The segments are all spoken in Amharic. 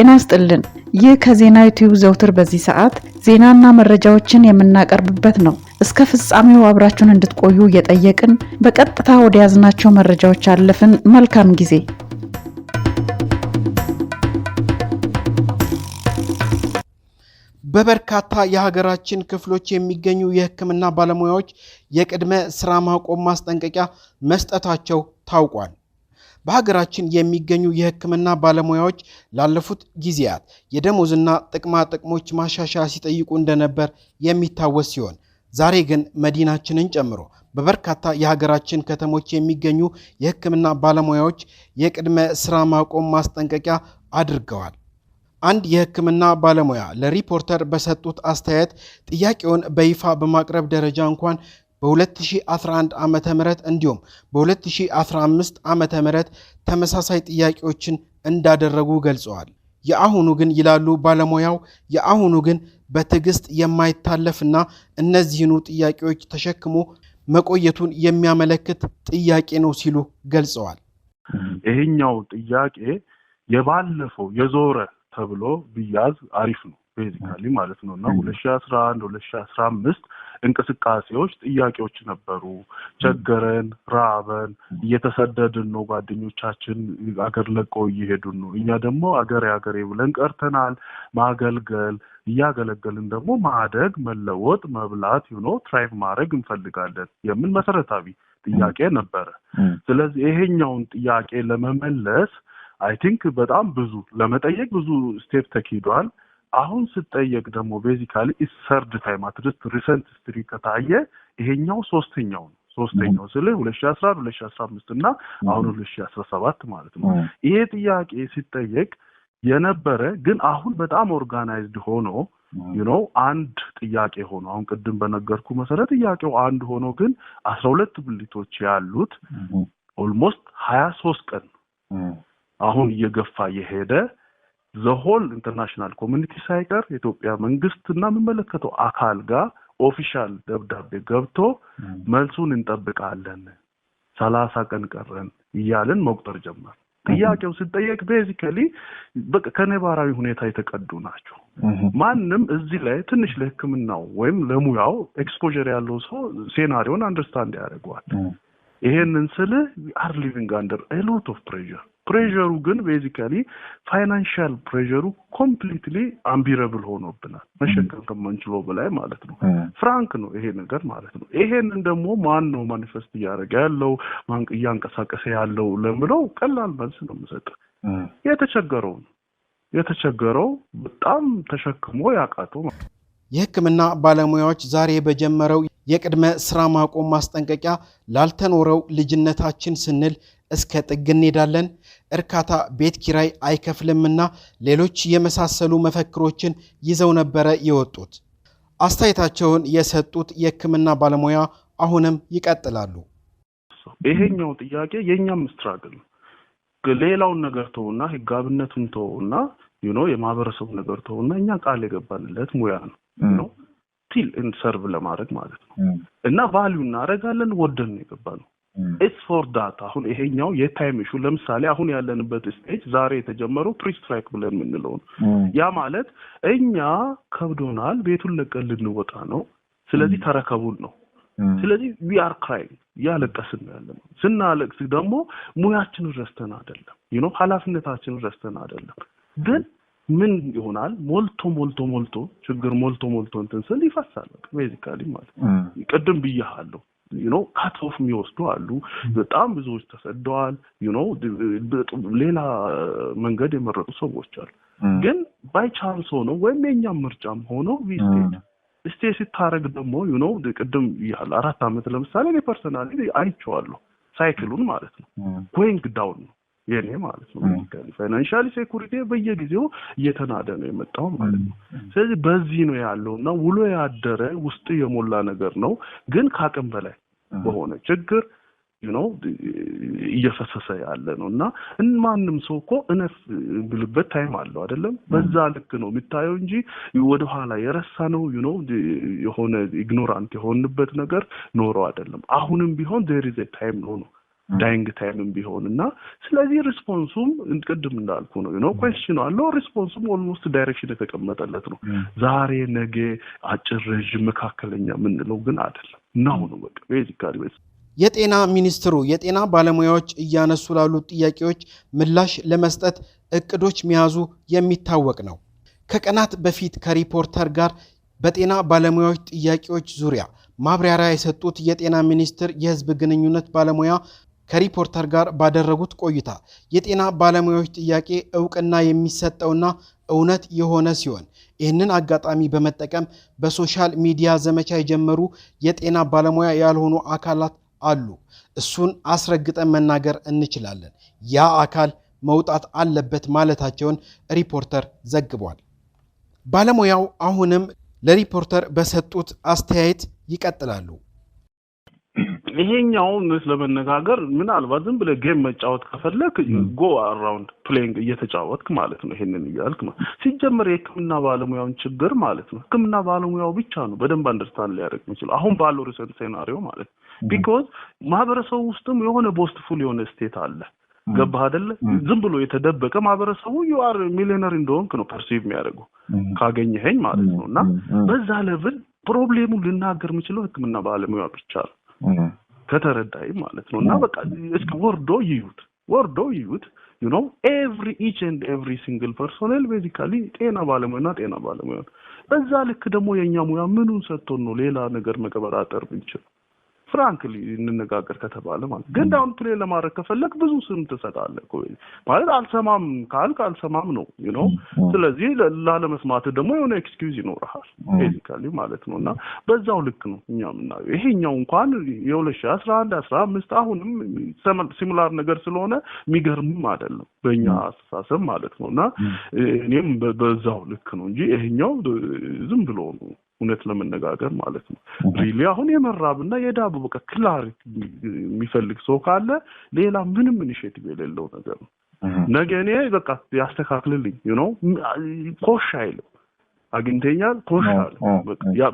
ጤና ይስጥልን። ይህ ከዜና ዩቲዩብ ዘውትር በዚህ ሰዓት ዜናና መረጃዎችን የምናቀርብበት ነው። እስከ ፍጻሜው አብራችሁን እንድትቆዩ እየጠየቅን በቀጥታ ወደ ያዝናቸው መረጃዎች አለፍን። መልካም ጊዜ። በበርካታ የሀገራችን ክፍሎች የሚገኙ የሕክምና ባለሙያዎች የቅድመ ስራ ማቆም ማስጠንቀቂያ መስጠታቸው ታውቋል። በሀገራችን የሚገኙ የሕክምና ባለሙያዎች ላለፉት ጊዜያት የደሞዝና ጥቅማ ጥቅሞች ማሻሻያ ሲጠይቁ እንደነበር የሚታወስ ሲሆን ዛሬ ግን መዲናችንን ጨምሮ በበርካታ የሀገራችን ከተሞች የሚገኙ የሕክምና ባለሙያዎች የቅድመ ስራ ማቆም ማስጠንቀቂያ አድርገዋል። አንድ የሕክምና ባለሙያ ለሪፖርተር በሰጡት አስተያየት ጥያቄውን በይፋ በማቅረብ ደረጃ እንኳን በ2011 ዓ ም እንዲሁም በ2015 ዓ ም ተመሳሳይ ጥያቄዎችን እንዳደረጉ ገልጸዋል። የአሁኑ ግን ይላሉ ባለሙያው፣ የአሁኑ ግን በትዕግስት የማይታለፍና እነዚህኑ ጥያቄዎች ተሸክሞ መቆየቱን የሚያመለክት ጥያቄ ነው ሲሉ ገልጸዋል። ይሄኛው ጥያቄ የባለፈው የዞረ ተብሎ ብያዝ አሪፍ ነው ቤዚካሊ ማለት ነው እና ሁለት ሺ አስራ አንድ ሁለት ሺ አስራ አምስት እንቅስቃሴዎች ጥያቄዎች ነበሩ። ቸገረን፣ ራበን፣ እየተሰደድን ነው። ጓደኞቻችን አገር ለቀው እየሄዱን ነው። እኛ ደግሞ አገሬ አገሬ ብለን ቀርተናል። ማገልገል እያገለገልን ደግሞ ማደግ፣ መለወጥ፣ መብላት ዩኖ ትራይቭ ማድረግ እንፈልጋለን የምን መሰረታዊ ጥያቄ ነበረ። ስለዚህ ይሄኛውን ጥያቄ ለመመለስ አይ ቲንክ በጣም ብዙ ለመጠየቅ ብዙ ስቴፕ ተኪዷል። አሁን ስጠየቅ ደግሞ ቤዚካሊ ኢሰርድ ታይም አትሊስት ሪሰንት ስትሪ ከታየ ይሄኛው ሶስተኛው ነው። ሶስተኛው ስለ ሁለት ሺ አስራ አንድ ሁለት ሺ አስራ አምስት እና አሁን ሁለት ሺ አስራ ሰባት ማለት ነው። ይሄ ጥያቄ ሲጠየቅ የነበረ ግን አሁን በጣም ኦርጋናይዝድ ሆኖ ዩኖው አንድ ጥያቄ ሆኖ አሁን ቅድም በነገርኩ መሰረት ጥያቄው አንድ ሆኖ ግን አስራ ሁለት ብልቶች ያሉት ኦልሞስት ሀያ ሶስት ቀን አሁን እየገፋ እየሄደ ዘሆል ኢንተርናሽናል ኮሚኒቲ ሳይቀር የኢትዮጵያ መንግስት እና የሚመለከተው አካል ጋር ኦፊሻል ደብዳቤ ገብቶ መልሱን እንጠብቃለን ሰላሳ ቀን ቀረን እያልን መቁጠር ጀመር። ጥያቄው ሲጠየቅ ቤዚካሊ በቃ ከነባራዊ ሁኔታ የተቀዱ ናቸው። ማንም እዚህ ላይ ትንሽ ለህክምናው ወይም ለሙያው ኤክስፖር ያለው ሰው ሴናሪዮን አንደርስታንድ ያደርገዋል። ይሄንን ስል አር ሊቪንግ አንደር ኤሎት ኦፍ ፕሬር ፕሬሩ ግን ቤዚካሊ ፋይናንሻል ፕሬሩ ኮምፕሊትሊ አምቢረብል ሆኖብናል፣ መሸከም ከማንችለው በላይ ማለት ነው። ፍራንክ ነው ይሄ ነገር ማለት ነው። ይሄንን ደግሞ ማን ነው ማኒፌስት እያደረገ ያለው ማን እያንቀሳቀሰ ያለው ለምለው ቀላል መልስ ነው የምሰጥ የተቸገረው ነው የተቸገረው በጣም ተሸክሞ ያቃተው የህክምና ባለሙያዎች ዛሬ በጀመረው የቅድመ ስራ ማቆም ማስጠንቀቂያ ላልተኖረው ልጅነታችን ስንል እስከ ጥግ እንሄዳለን። እርካታ ቤት ኪራይ አይከፍልምና ሌሎች የመሳሰሉ መፈክሮችን ይዘው ነበረ የወጡት። አስተያየታቸውን የሰጡት የሕክምና ባለሙያ አሁንም ይቀጥላሉ። ይሄኛው ጥያቄ የእኛም ስትራግል ሌላውን ነገር ተውና ህጋብነቱን ተውና ዩኖ የማህበረሰቡ ነገር ተውና እኛ ቃል የገባንለት ሙያ ነው ቲል ሰርቭ ለማድረግ ማለት ነው እና ቫሊዩ እናደርጋለን ወደን ነው የገባ ነው ኢትስ ፎር ዳት አሁን ይሄኛው የታይም ሹ ለምሳሌ አሁን ያለንበት ስቴጅ ዛሬ የተጀመረው ፕሪስትራይክ ብለን የምንለው ነው። ያ ማለት እኛ ከብዶናል፣ ቤቱን ለቀን ልንወጣ ነው፣ ስለዚህ ተረከቡን ነው። ስለዚህ ዊ አር ክራይም እያለቀስን ነው ያለ ነው። ስናለቅስ ደግሞ ሙያችንን ረስተን አይደለም፣ ዩኖ ኃላፊነታችንን ረስተን አይደለም። ግን ምን ይሆናል ሞልቶ ሞልቶ ሞልቶ ችግር ሞልቶ ሞልቶ እንትን ስል ይፈሳል ቤዚካሊ ማለት ቅድም ብያሃለሁ ዩኖ ካት የሚወስዱ አሉ። በጣም ብዙዎች ተሰደዋል። ዩኖ ሌላ መንገድ የመረጡ ሰዎች አሉ። ግን ባይ ቻንስ ሆኖ ወይም የእኛም ምርጫም ሆኖ ቪስቴድ ስቴ ሲታረግ ደግሞ ዩኖ ቅድም ያህል አራት አመት ለምሳሌ እኔ ፐርሰናሊ አይቸዋለሁ ሳይክሉን ማለት ነው ጎይንግ ዳውን ነው የኔ ማለት ነው ፋይናንሻል ሴኩሪቲ በየጊዜው እየተናደ ነው የመጣው ማለት ነው። ስለዚህ በዚህ ነው ያለው እና ውሎ ያደረ ውስጥ የሞላ ነገር ነው፣ ግን ከአቅም በላይ በሆነ ችግር ነው እየፈሰሰ ያለ ነው እና ማንም ሰው እኮ እነፍ ብልበት ታይም አለው አይደለም። በዛ ልክ ነው የሚታየው እንጂ ወደኋላ የረሳ ነው ዩ ነው የሆነ ኢግኖራንት የሆንበት ነገር ኖሮ አይደለም። አሁንም ቢሆን ዜር ኢዝ ኤ ታይም ነው ነው ዳይንግ ታይምም ቢሆን እና ስለዚህ ሪስፖንሱም ቅድም እንዳልኩ ነው ነው ኮስችን አለው ሪስፖንሱም ኦልሞስት ዳይሬክሽን የተቀመጠለት ነው። ዛሬ ነገ፣ አጭር፣ ረዥም፣ መካከለኛ የምንለው ግን አይደለም ነው ነው በቃ ቤዚካሊ ቤት የጤና ሚኒስትሩ የጤና ባለሙያዎች እያነሱ ላሉ ጥያቄዎች ምላሽ ለመስጠት እቅዶች መያዙ የሚታወቅ ነው። ከቀናት በፊት ከሪፖርተር ጋር በጤና ባለሙያዎች ጥያቄዎች ዙሪያ ማብራሪያ የሰጡት የጤና ሚኒስትር የሕዝብ ግንኙነት ባለሙያ ከሪፖርተር ጋር ባደረጉት ቆይታ የጤና ባለሙያዎች ጥያቄ እውቅና የሚሰጠውና እውነት የሆነ ሲሆን ይህንን አጋጣሚ በመጠቀም በሶሻል ሚዲያ ዘመቻ የጀመሩ የጤና ባለሙያ ያልሆኑ አካላት አሉ። እሱን አስረግጠን መናገር እንችላለን። ያ አካል መውጣት አለበት ማለታቸውን ሪፖርተር ዘግቧል። ባለሙያው አሁንም ለሪፖርተር በሰጡት አስተያየት ይቀጥላሉ። ይሄኛውን ምስ ለመነጋገር ምናልባት ዝም ብለህ ጌም መጫወት ከፈለክ ጎ አራውንድ ፕሌይንግ እየተጫወትክ ማለት ነው። ይሄንን እያልክ ነው ሲጀመር የህክምና ባለሙያውን ችግር ማለት ነው። ህክምና ባለሙያው ብቻ ነው በደንብ አንደርስታንድ ሊያደርግ የሚችለው አሁን ባለው ሪሰንት ሴናሪዮ ማለት ነው። ቢኮዝ ማህበረሰቡ ውስጥም የሆነ ቦስትፉል የሆነ ስቴት አለ። ገባህ አይደለ? ዝም ብሎ የተደበቀ ማህበረሰቡ ዩአር ሚሊዮነር እንደሆንክ ነው ፐርሲቭ የሚያደርጉ ካገኘኸኝ ማለት ነው። እና በዛ ለብል ፕሮብሌሙ ልናገር የምችለው ህክምና ባለሙያ ብቻ ነው። ከተረዳይ ማለት ነው እና በቃ እስኪ ወርዶ ይዩት ወርዶ ይዩት ዩ ኖ ኤቭሪ ኢች ኤንድ ኤቭሪ ሲንግል ፐርሶኔል ቤዚካሊ ጤና ባለሙያና ጤና ባለሙያ በዛ ልክ ደግሞ የእኛ ሙያ ምኑን ሰጥቶን ነው ሌላ ነገር መቀበር መቀበራጠር ብንችል ፍራንክሊ እንነጋገር ከተባለ ማለት ግን ዳውን ፕሌ ለማድረግ ከፈለግ ብዙ ስም ትሰጣለህ ማለት አልሰማም ካልክ አልሰማም ነው ነው። ስለዚህ ላለመስማት ደግሞ የሆነ ኤክስኪውዝ ይኖርሃል ቤዚካሊ ማለት ነው። እና በዛው ልክ ነው እኛ የምናየው። ይሄኛው እንኳን የሁለት ሺ አስራ አንድ አስራ አምስት አሁንም ሲሙላር ነገር ስለሆነ የሚገርምም አይደለም በእኛ አስተሳሰብ ማለት ነው። እና እኔም በዛው ልክ ነው እንጂ ይሄኛው ዝም ብሎ ነው እውነት ለመነጋገር ማለት ነው። ሪሊ አሁን የመራብና የዳቦ በቃ ክላሪቲ የሚፈልግ ሰው ካለ ሌላ ምንም ኢኒሽቲቭ የሌለው ነገር ነው። ነገ እኔ በቃ ያስተካክልልኝ ነው ኮሽ አይልም አግኝተኛል ኮሽ አለ።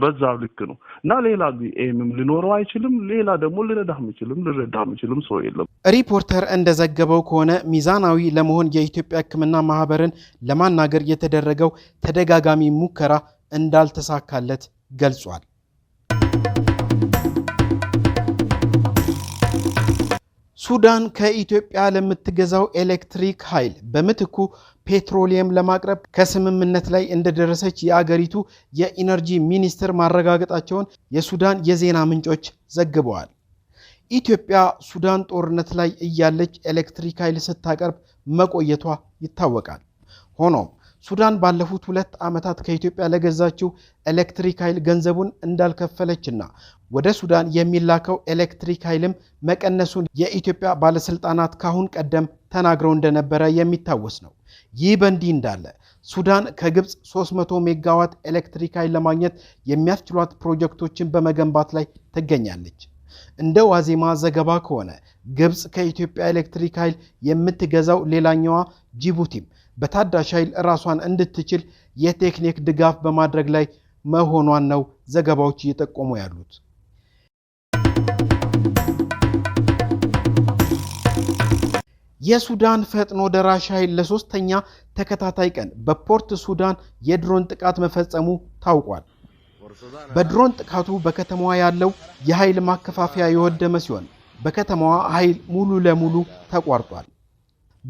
በዛ ልክ ነው እና ሌላ ኤምም ሊኖረው አይችልም። ሌላ ደግሞ ልረዳ ምችልም ልረዳ ምችልም ሰው የለም። ሪፖርተር እንደዘገበው ከሆነ ሚዛናዊ ለመሆን የኢትዮጵያ ህክምና ማህበርን ለማናገር የተደረገው ተደጋጋሚ ሙከራ እንዳልተሳካለት ገልጿል። ሱዳን ከኢትዮጵያ ለምትገዛው ኤሌክትሪክ ኃይል በምትኩ ፔትሮሊየም ለማቅረብ ከስምምነት ላይ እንደደረሰች የአገሪቱ የኢነርጂ ሚኒስትር ማረጋገጣቸውን የሱዳን የዜና ምንጮች ዘግበዋል። ኢትዮጵያ ሱዳን ጦርነት ላይ እያለች ኤሌክትሪክ ኃይል ስታቀርብ መቆየቷ ይታወቃል። ሆኖም ሱዳን ባለፉት ሁለት ዓመታት ከኢትዮጵያ ለገዛችው ኤሌክትሪክ ኃይል ገንዘቡን እንዳልከፈለችና ወደ ሱዳን የሚላከው ኤሌክትሪክ ኃይልም መቀነሱን የኢትዮጵያ ባለስልጣናት ካሁን ቀደም ተናግረው እንደነበረ የሚታወስ ነው። ይህ በእንዲህ እንዳለ ሱዳን ከግብፅ 300 ሜጋዋት ኤሌክትሪክ ኃይል ለማግኘት የሚያስችሏት ፕሮጀክቶችን በመገንባት ላይ ትገኛለች። እንደ ዋዜማ ዘገባ ከሆነ ግብፅ ከኢትዮጵያ ኤሌክትሪክ ኃይል የምትገዛው ሌላኛዋ ጅቡቲም በታዳሽ ኃይል ራሷን እንድትችል የቴክኒክ ድጋፍ በማድረግ ላይ መሆኗን ነው ዘገባዎች እየጠቆሙ ያሉት። የሱዳን ፈጥኖ ደራሽ ኃይል ለሶስተኛ ተከታታይ ቀን በፖርት ሱዳን የድሮን ጥቃት መፈጸሙ ታውቋል። በድሮን ጥቃቱ በከተማዋ ያለው የኃይል ማከፋፈያ የወደመ ሲሆን በከተማዋ ኃይል ሙሉ ለሙሉ ተቋርጧል።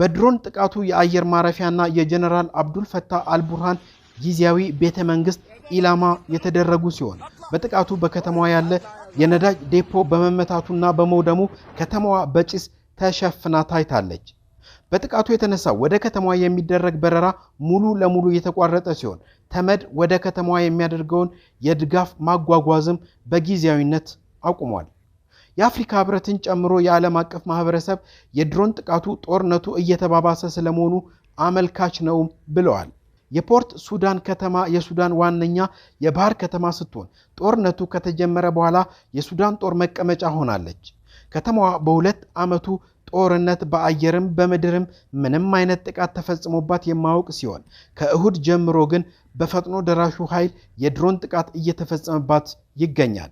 በድሮን ጥቃቱ የአየር ማረፊያና የጀነራል አብዱል ፈታህ አልቡርሃን ጊዜያዊ ቤተ መንግስት ኢላማ የተደረጉ ሲሆን በጥቃቱ በከተማዋ ያለ የነዳጅ ዴፖ በመመታቱና በመውደሙ ከተማዋ በጭስ ተሸፍና ታይታለች። በጥቃቱ የተነሳ ወደ ከተማዋ የሚደረግ በረራ ሙሉ ለሙሉ የተቋረጠ ሲሆን ተመድ ወደ ከተማዋ የሚያደርገውን የድጋፍ ማጓጓዝም በጊዜያዊነት አቁሟል። የአፍሪካ ሕብረትን ጨምሮ የዓለም አቀፍ ማህበረሰብ የድሮን ጥቃቱ ጦርነቱ እየተባባሰ ስለመሆኑ አመልካች ነው ብለዋል። የፖርት ሱዳን ከተማ የሱዳን ዋነኛ የባህር ከተማ ስትሆን ጦርነቱ ከተጀመረ በኋላ የሱዳን ጦር መቀመጫ ሆናለች። ከተማዋ በሁለት ዓመቱ ጦርነት በአየርም በምድርም ምንም አይነት ጥቃት ተፈጽሞባት የማያውቅ ሲሆን ከእሁድ ጀምሮ ግን በፈጥኖ ደራሹ ኃይል የድሮን ጥቃት እየተፈጸመባት ይገኛል።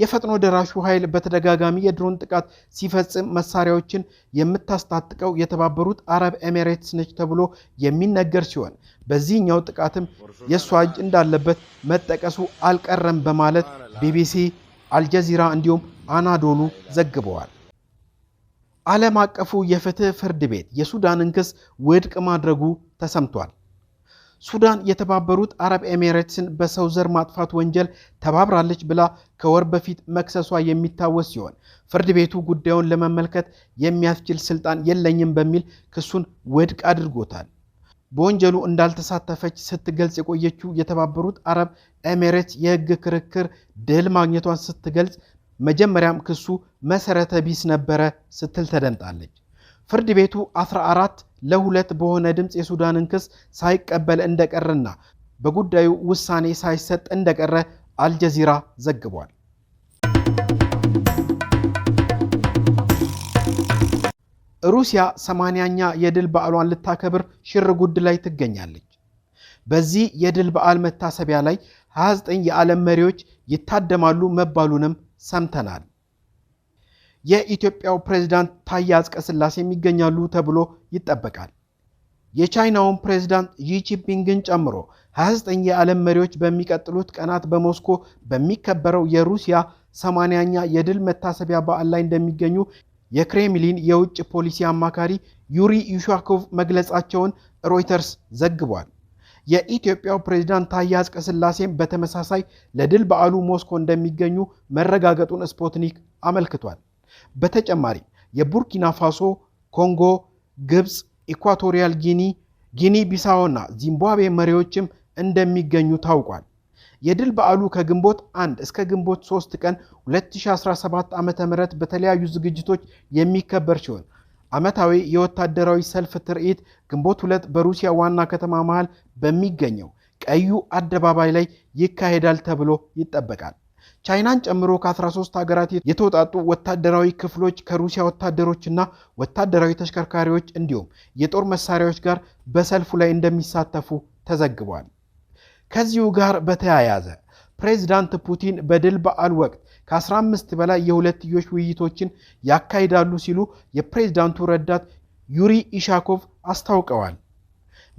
የፈጥኖ ደራሹ ኃይል በተደጋጋሚ የድሮን ጥቃት ሲፈጽም መሳሪያዎችን የምታስታጥቀው የተባበሩት አረብ ኤሚሬትስ ነች ተብሎ የሚነገር ሲሆን በዚህኛው ጥቃትም የእሷ እጅ እንዳለበት መጠቀሱ አልቀረም በማለት ቢቢሲ፣ አልጀዚራ እንዲሁም አናዶሉ ዘግበዋል። ዓለም አቀፉ የፍትህ ፍርድ ቤት የሱዳንን ክስ ውድቅ ማድረጉ ተሰምቷል። ሱዳን የተባበሩት አረብ ኤሜሬትስን በሰው ዘር ማጥፋት ወንጀል ተባብራለች ብላ ከወር በፊት መክሰሷ የሚታወስ ሲሆን ፍርድ ቤቱ ጉዳዩን ለመመልከት የሚያስችል ስልጣን የለኝም በሚል ክሱን ውድቅ አድርጎታል። በወንጀሉ እንዳልተሳተፈች ስትገልጽ የቆየችው የተባበሩት አረብ ኤሜሬትስ የህግ ክርክር ድል ማግኘቷን ስትገልጽ መጀመሪያም ክሱ መሰረተ ቢስ ነበረ ስትል ተደምጣለች። ፍርድ ቤቱ 14 ለሁለት በሆነ ድምፅ የሱዳንን ክስ ሳይቀበል እንደቀረና በጉዳዩ ውሳኔ ሳይሰጥ እንደቀረ አልጀዚራ ዘግቧል። ሩሲያ 80ኛ የድል በዓሏን ልታከብር ሽር ጉድ ላይ ትገኛለች። በዚህ የድል በዓል መታሰቢያ ላይ 29 የዓለም መሪዎች ይታደማሉ መባሉንም ሰምተናል። የኢትዮጵያው ፕሬዝዳንት ታዬ ቀስላሴ የሚገኛሉ ተብሎ ይጠበቃል። የቻይናውን ፕሬዝዳንት ጂቺፒንግን ጨምሮ 29 የዓለም መሪዎች በሚቀጥሉት ቀናት በሞስኮ በሚከበረው የሩሲያ 80ኛ የድል መታሰቢያ በዓል ላይ እንደሚገኙ የክሬምሊን የውጭ ፖሊሲ አማካሪ ዩሪ ዩሻኮቭ መግለጻቸውን ሮይተርስ ዘግቧል። የኢትዮጵያው ፕሬዚዳንት ታዬ አጽቀሥላሴም በተመሳሳይ ለድል በዓሉ ሞስኮ እንደሚገኙ መረጋገጡን ስፖትኒክ አመልክቷል። በተጨማሪም የቡርኪና ፋሶ፣ ኮንጎ፣ ግብፅ፣ ኢኳቶሪያል ጊኒ፣ ጊኒ ቢሳዎና ዚምባብዌ መሪዎችም እንደሚገኙ ታውቋል። የድል በዓሉ ከግንቦት 1 እስከ ግንቦት 3 ቀን 2017 ዓ.ም በተለያዩ ዝግጅቶች የሚከበር ሲሆን ዓመታዊ የወታደራዊ ሰልፍ ትርኢት ግንቦት ሁለት በሩሲያ ዋና ከተማ መሃል በሚገኘው ቀዩ አደባባይ ላይ ይካሄዳል ተብሎ ይጠበቃል። ቻይናን ጨምሮ ከ13 ሀገራት የተውጣጡ ወታደራዊ ክፍሎች ከሩሲያ ወታደሮችና ወታደራዊ ተሽከርካሪዎች እንዲሁም የጦር መሳሪያዎች ጋር በሰልፉ ላይ እንደሚሳተፉ ተዘግቧል። ከዚሁ ጋር በተያያዘ ፕሬዚዳንት ፑቲን በድል በዓል ወቅት ከ15 በላይ የሁለትዮሽ ውይይቶችን ያካሂዳሉ ሲሉ የፕሬዝዳንቱ ረዳት ዩሪ ኢሻኮቭ አስታውቀዋል።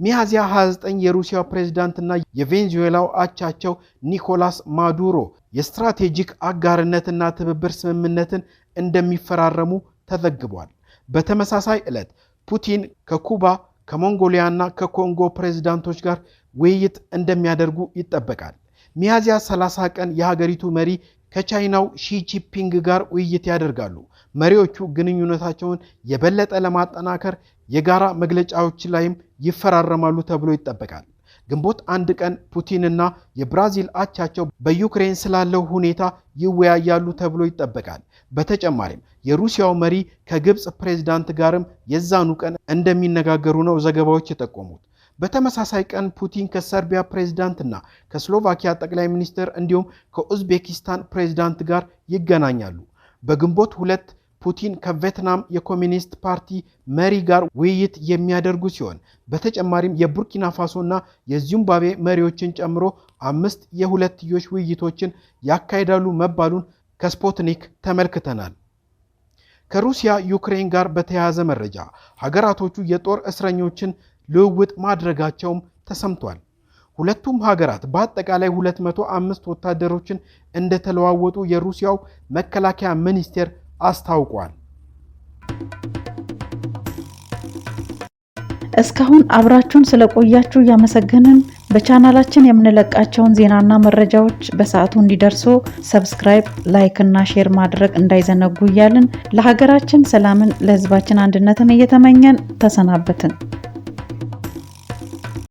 ሚያዝያ 29 የሩሲያው ፕሬዝዳንትና የቬንዙዌላው አቻቸው ኒኮላስ ማዱሮ የስትራቴጂክ አጋርነትና ትብብር ስምምነትን እንደሚፈራረሙ ተዘግቧል። በተመሳሳይ ዕለት ፑቲን ከኩባ ከሞንጎሊያና ከኮንጎ ፕሬዝዳንቶች ጋር ውይይት እንደሚያደርጉ ይጠበቃል። ሚያዝያ 30 ቀን የሀገሪቱ መሪ ከቻይናው ሺጂፒንግ ጋር ውይይት ያደርጋሉ። መሪዎቹ ግንኙነታቸውን የበለጠ ለማጠናከር የጋራ መግለጫዎች ላይም ይፈራረማሉ ተብሎ ይጠበቃል። ግንቦት አንድ ቀን ፑቲንና የብራዚል አቻቸው በዩክሬን ስላለው ሁኔታ ይወያያሉ ተብሎ ይጠበቃል። በተጨማሪም የሩሲያው መሪ ከግብፅ ፕሬዝዳንት ጋርም የዛኑ ቀን እንደሚነጋገሩ ነው ዘገባዎች የጠቆሙት። በተመሳሳይ ቀን ፑቲን ከሰርቢያ ፕሬዝዳንትና ከስሎቫኪያ ጠቅላይ ሚኒስትር እንዲሁም ከኡዝቤኪስታን ፕሬዝዳንት ጋር ይገናኛሉ። በግንቦት ሁለት ፑቲን ከቬትናም የኮሚኒስት ፓርቲ መሪ ጋር ውይይት የሚያደርጉ ሲሆን በተጨማሪም የቡርኪና ፋሶ እና የዚምባብዌ መሪዎችን ጨምሮ አምስት የሁለትዮሽ ውይይቶችን ያካሂዳሉ መባሉን ከስፖትኒክ ተመልክተናል። ከሩሲያ ዩክሬን ጋር በተያያዘ መረጃ ሀገራቶቹ የጦር እስረኞችን ልውውጥ ማድረጋቸውም ተሰምቷል። ሁለቱም ሀገራት በአጠቃላይ 205 ወታደሮችን እንደተለዋወጡ የሩሲያው መከላከያ ሚኒስቴር አስታውቋል። እስካሁን አብራችሁን ስለቆያችሁ እያመሰገንን በቻናላችን የምንለቃቸውን ዜናና መረጃዎች በሰዓቱ እንዲደርሱ ሰብስክራይብ፣ ላይክ እና ሼር ማድረግ እንዳይዘነጉ እያልን ለሀገራችን ሰላምን ለሕዝባችን አንድነትን እየተመኘን ተሰናበትን።